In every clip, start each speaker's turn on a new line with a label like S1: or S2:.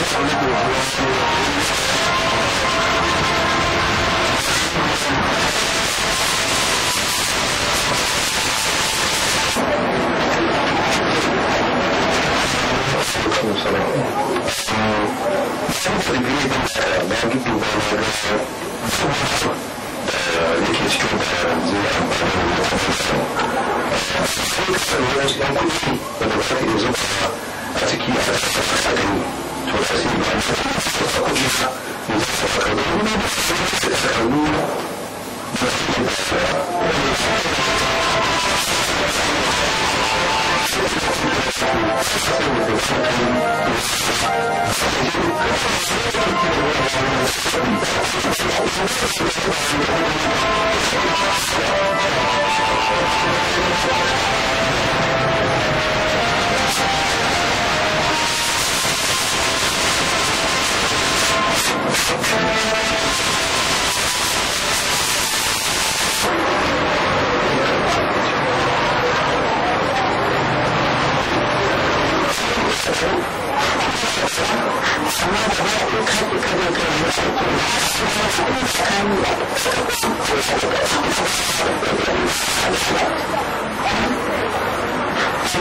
S1: I'm gonna go to the hospital.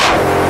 S1: you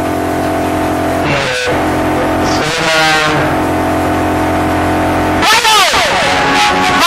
S1: Thank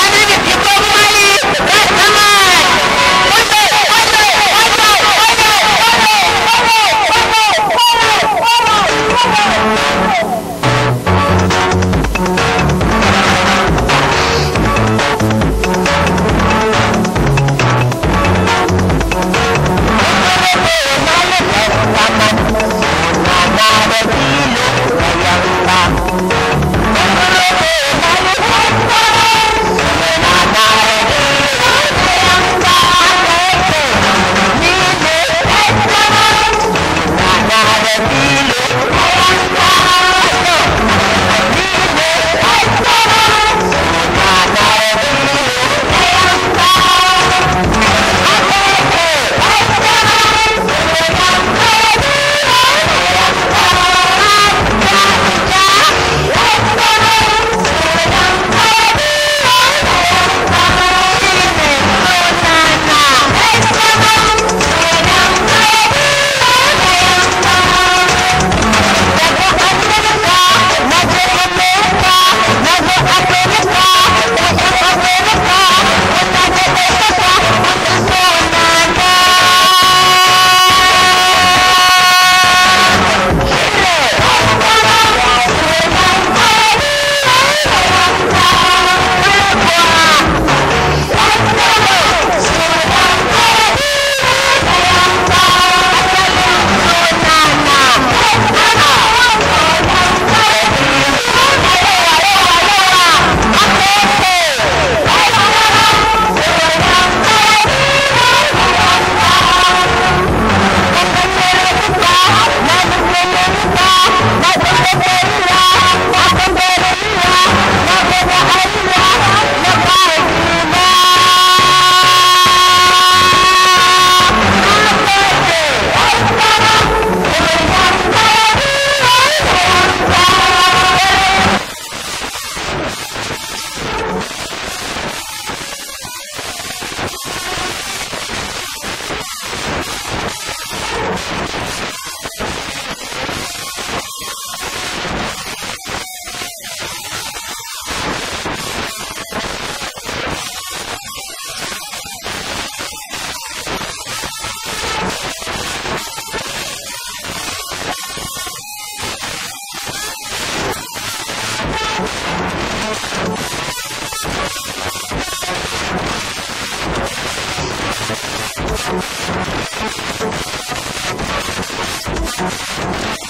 S1: Thank you.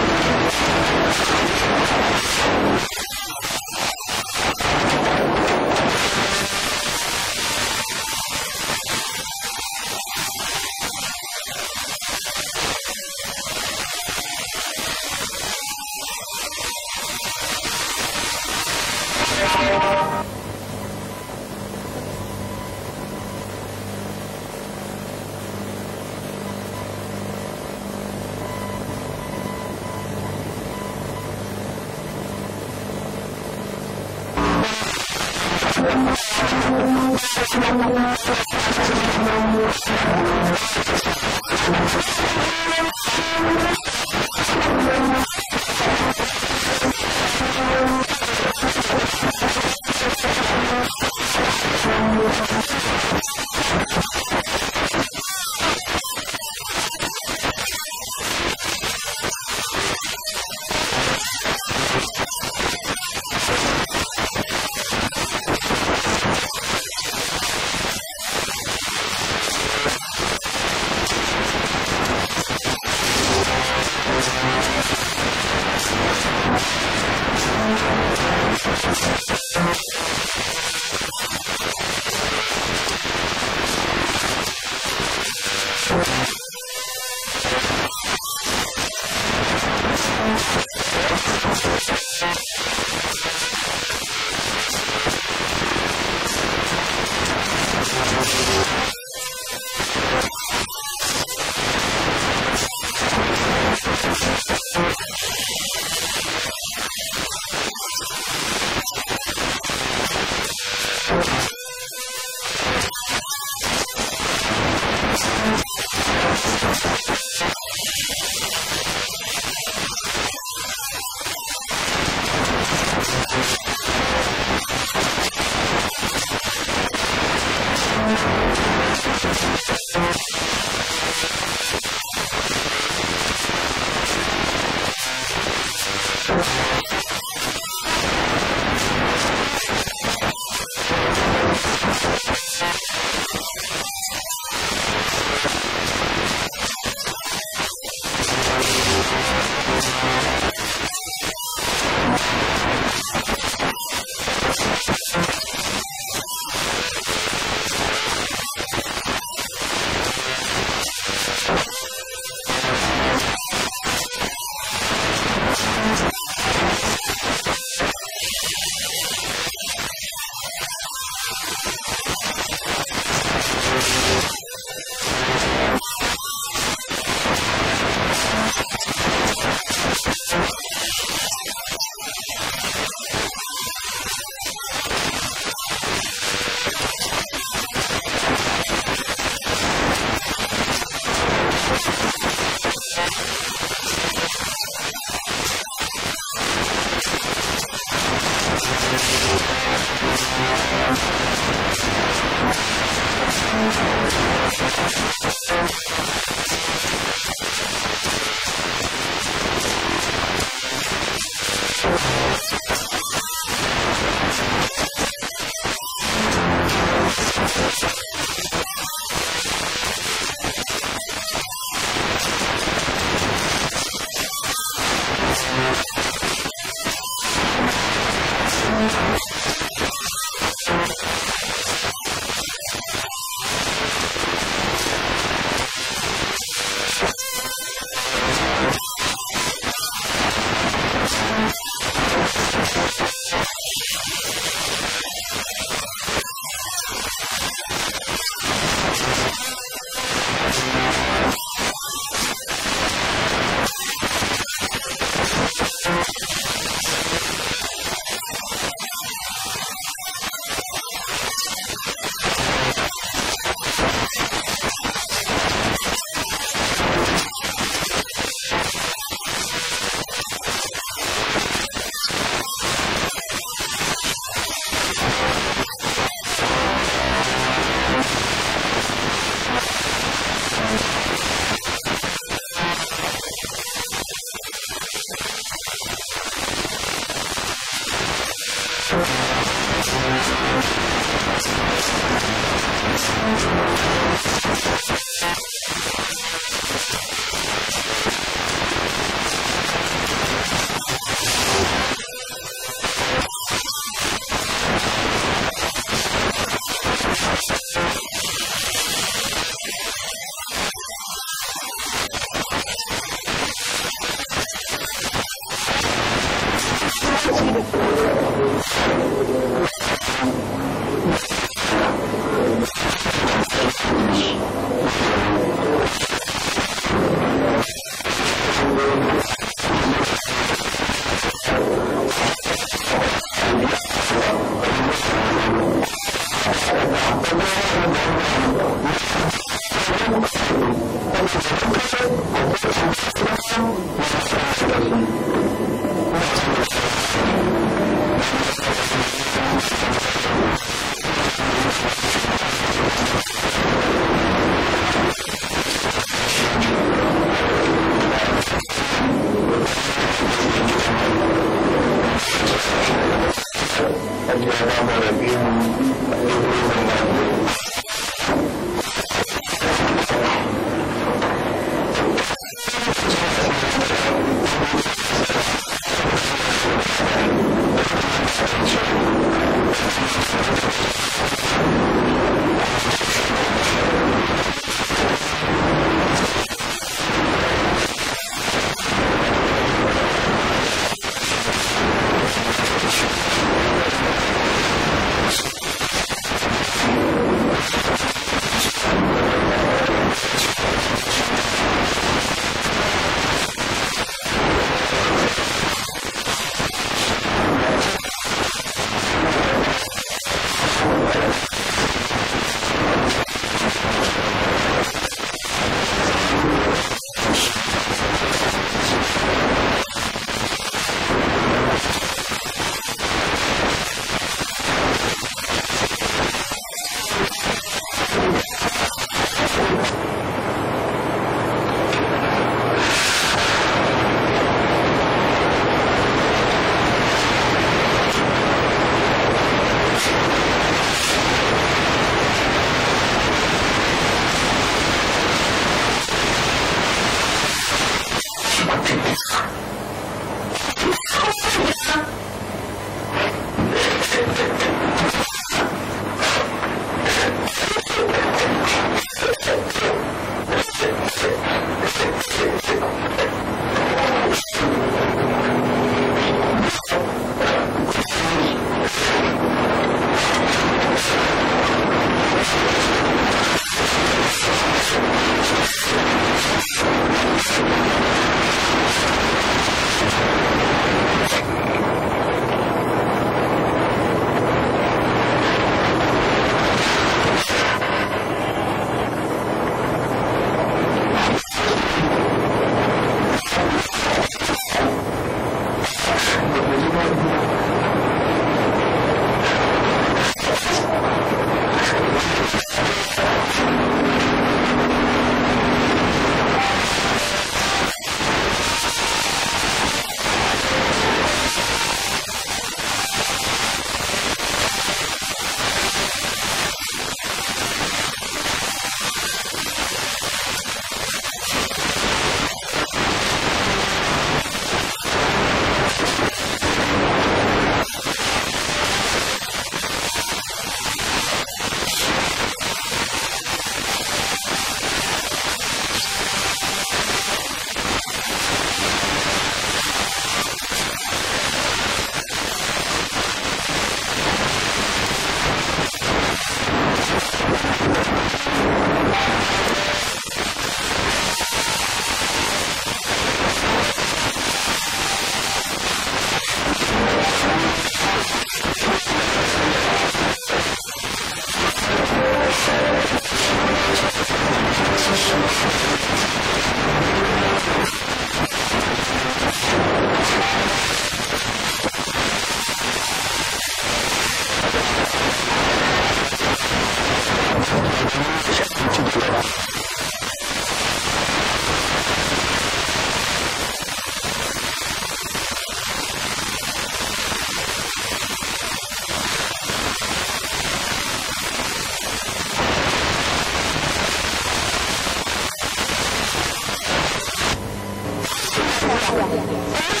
S1: Yeah.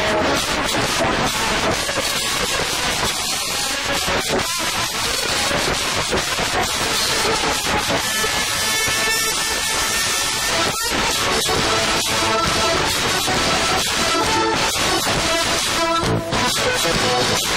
S1: Thank you.